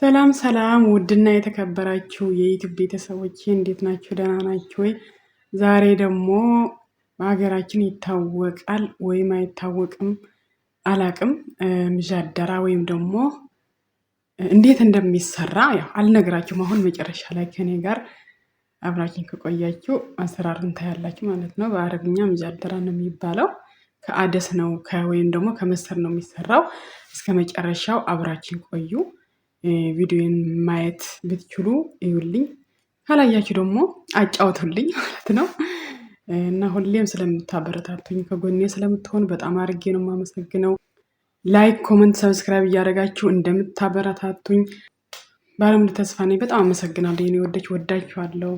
ሰላም ሰላም ውድና የተከበራችሁ የዩቱብ ቤተሰቦች እንዴት ናችሁ? ደህና ናችሁ ወይ? ዛሬ ደግሞ በሀገራችን ይታወቃል ወይም አይታወቅም አላቅም ምዣደራ ወይም ደግሞ እንዴት እንደሚሰራ ያው አልነግራችሁም። አሁን መጨረሻ ላይ ከኔ ጋር አብራችን ከቆያችሁ አሰራሩን ታያላችሁ ማለት ነው። በአረብኛ ምዣደራ ነው የሚባለው። ከአደስ ነው ወይም ደግሞ ከመሰር ነው የሚሰራው። እስከ መጨረሻው አብራችን ቆዩ። ቪዲዮን ማየት ብትችሉ እዩልኝ፣ ካላያችሁ ደግሞ አጫውቱልኝ ማለት ነው። እና ሁሌም ስለምታበረታቱኝ ከጎኔ ስለምትሆኑ በጣም አድርጌ ነው የማመሰግነው። ላይክ፣ ኮመንት፣ ሰብስክራይብ እያደረጋችሁ እንደምታበረታቱኝ ባለሙሉ ተስፋ ነኝ። በጣም አመሰግናለሁ የኔ ወደች ወዳችኋለሁ።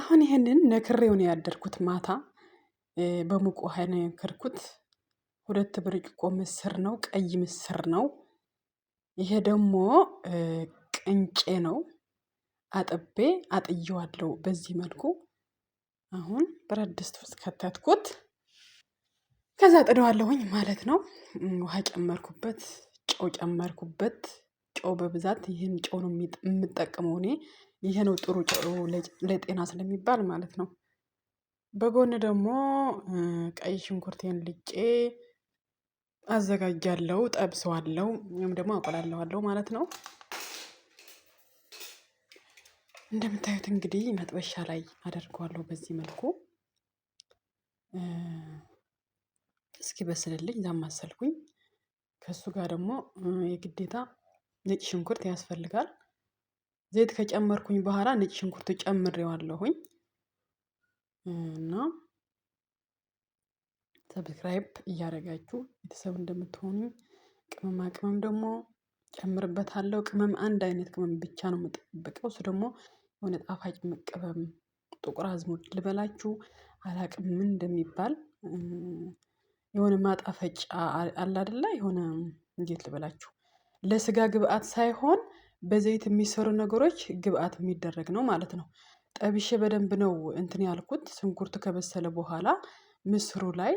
አሁን ይህንን ነክሬው ነው ያደርኩት። ማታ በሙቅ ውሃ ነው ሁለት ብርጭቆ ምስር ነው፣ ቀይ ምስር ነው። ይሄ ደግሞ ቅንጬ ነው። አጥቤ አጥየዋለሁ በዚህ መልኩ። አሁን ብረት ድስት ውስጥ ከተትኩት፣ ከዛ ጥደዋለሁኝ ማለት ነው። ውሃ ጨመርኩበት፣ ጨው ጨመርኩበት። ጨው በብዛት ይህን ጨው ነው የምጠቀመው እኔ። ይሄ ነው ጥሩ ጨው ለጤና ስለሚባል ማለት ነው። በጎን ደግሞ ቀይ ሽንኩርቴን ልጬ አዘጋጃለሁ እጠብሰዋለሁ ወይም ደግሞ አቁላለዋለሁ ማለት ነው። እንደምታዩት እንግዲህ መጥበሻ ላይ አደርገዋለሁ በዚህ መልኩ እስኪ በስልልኝ ዛማሰልኩኝ። ከእሱ ጋር ደግሞ የግዴታ ነጭ ሽንኩርት ያስፈልጋል። ዘይት ከጨመርኩኝ በኋላ ነጭ ሽንኩርት ጨምሬዋለሁኝ እና ሰብስክራይብ እያደረጋችሁ ቤተሰብ እንደምትሆኑኝ ቅመማ ቅመም ደግሞ ጨምርበታለሁ። ቅመም አንድ አይነት ቅመም ብቻ ነው የምጠብቀው። እሱ ደግሞ የሆነ ጣፋጭ ቅመም ጥቁር አዝሙድ ልበላችሁ አላቅም ምን እንደሚባል የሆነ ማጣፈጫ አላደለ የሆነ እንዴት ልበላችሁ ለስጋ ግብአት ሳይሆን በዘይት የሚሰሩ ነገሮች ግብአት የሚደረግ ነው ማለት ነው። ጠብሼ በደንብ ነው እንትን ያልኩት ስንኩርት ከበሰለ በኋላ ምስሩ ላይ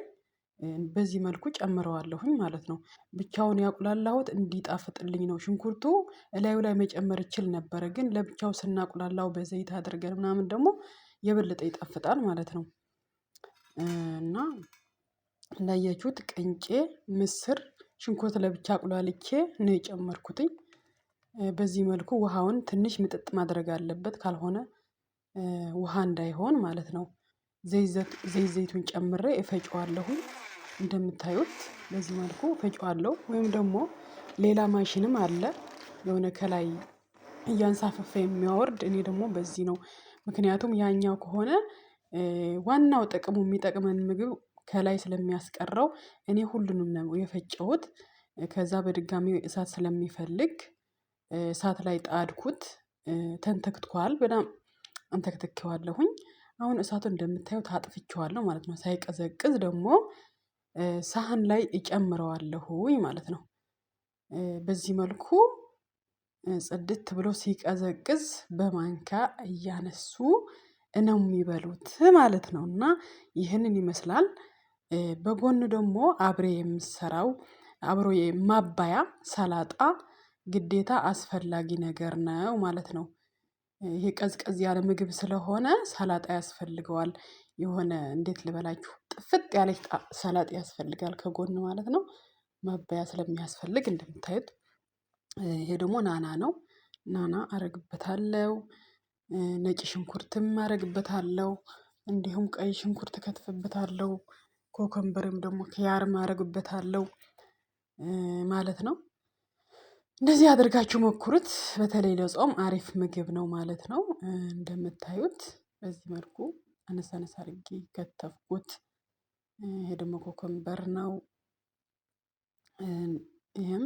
በዚህ መልኩ ጨምረዋለሁኝ ማለት ነው። ብቻውን ያቁላላሁት እንዲጣፍጥልኝ ነው ሽንኩርቱ እላዩ ላይ መጨመር እችል ነበረ ግን ለብቻው ስናቁላላው በዘይት አድርገን ምናምን ደግሞ የበለጠ ይጣፍጣል ማለት ነው። እና እንዳያችሁት ቅንጬ ምስር ሽንኩርት ለብቻ አቁላልቼ ነው የጨመርኩትኝ። በዚህ መልኩ ውሃውን ትንሽ ምጥጥ ማድረግ አለበት ካልሆነ ውሃ እንዳይሆን ማለት ነው። ዘይት ዘይቱን ጨምሬ እፈጨዋለሁኝ እንደምታዩት በዚህ መልኩ ፈጨዋለሁ። ወይም ደግሞ ሌላ ማሽንም አለ የሆነ ከላይ እያንሳፈፈ የሚያወርድ። እኔ ደግሞ በዚህ ነው ምክንያቱም ያኛው ከሆነ ዋናው ጥቅሙ የሚጠቅመን ምግብ ከላይ ስለሚያስቀረው እኔ ሁሉንም ነው የፈጨሁት። ከዛ በድጋሚ እሳት ስለሚፈልግ እሳት ላይ ጣድኩት። ተንተክትኳል በጣም አንተክትኬዋለሁኝ። አሁን እሳቱን እንደምታዩት አጥፍቼዋለሁ ማለት ነው። ሳይቀዘቅዝ ደግሞ ሳህን ላይ እጨምረዋለሁኝ ማለት ነው። በዚህ መልኩ ጽድት ብሎ ሲቀዘቅዝ በማንኪያ እያነሱ ነው የሚበሉት ማለት ነው። እና ይህንን ይመስላል። በጎን ደግሞ አብሬ የምሰራው አብሮ ማባያ ሰላጣ ግዴታ አስፈላጊ ነገር ነው ማለት ነው ይሄ ቀዝቀዝ ያለ ምግብ ስለሆነ ሰላጣ ያስፈልገዋል የሆነ እንዴት ልበላችሁ ጥፍጥ ያለች ሰላጣ ያስፈልጋል ከጎን ማለት ነው። መበያ ስለሚያስፈልግ እንደምታዩት ይሄ ደግሞ ናና ነው ናና አረግበታለው፣ ነጭ ሽንኩርትም አረግበታለው፣ እንዲሁም ቀይ ሽንኩርት ከትፍበታለው፣ ኮከምበርም ደግሞ ኪያርም አረግበታለው ማለት ነው እንደዚህ አድርጋችሁ ሞክሩት። በተለይ ለጾም አሪፍ ምግብ ነው ማለት ነው። እንደምታዩት በዚህ መልኩ አነሳ አነሳ አድርጌ ከተፍኩት። ይሄ ደግሞ ኮኮምበር ነው። ይህም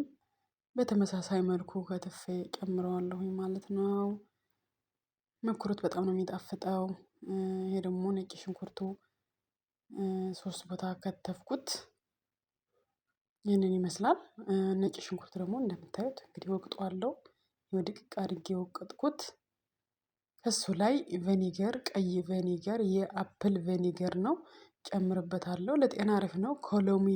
በተመሳሳይ መልኩ ከትፌ ጨምረዋለሁኝ ማለት ነው። ሞክሩት፣ በጣም ነው የሚጣፍጠው። ይሄ ደግሞ ነጭ ሽንኩርቱ ሶስት ቦታ ከተፍኩት። ይህንን ይመስላል። ነጭ ሽንኩርት ደግሞ እንደምታዩት እንግዲህ ወቅጠዋለሁ ድቅቅ አድርጌ የወቀጥኩት ከእሱ ላይ ቬኒገር ቀይ ቬኒገር የአፕል ቬኒገር ነው ጨምርበታለሁ ለጤና አሪፍ ነው። ከሎሚ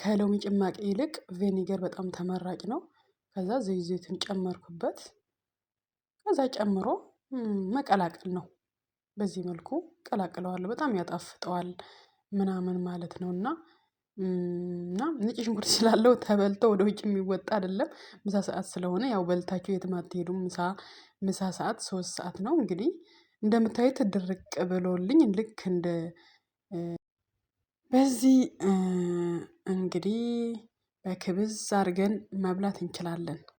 ከሎሚ ጭማቂ ይልቅ ቬኒገር በጣም ተመራጭ ነው። ከዛ ዘይት ዘይቱን ጨመርኩበት ከዛ ጨምሮ መቀላቀል ነው። በዚህ መልኩ ቀላቅለዋለሁ በጣም ያጣፍጠዋል ምናምን ማለት ነው። እና እና ነጭ ሽንኩርት ስላለው ተበልቶ ወደ ውጭ የሚወጣ አይደለም። ምሳ ሰዓት ስለሆነ ያው በልታቸው የትም አትሄዱም። ምሳ ምሳ ሰዓት ሶስት ሰዓት ነው እንግዲህ እንደምታዩት ድርቅ ብሎልኝ ልክ እንደ በዚህ እንግዲህ በክብዝ አድርገን መብላት እንችላለን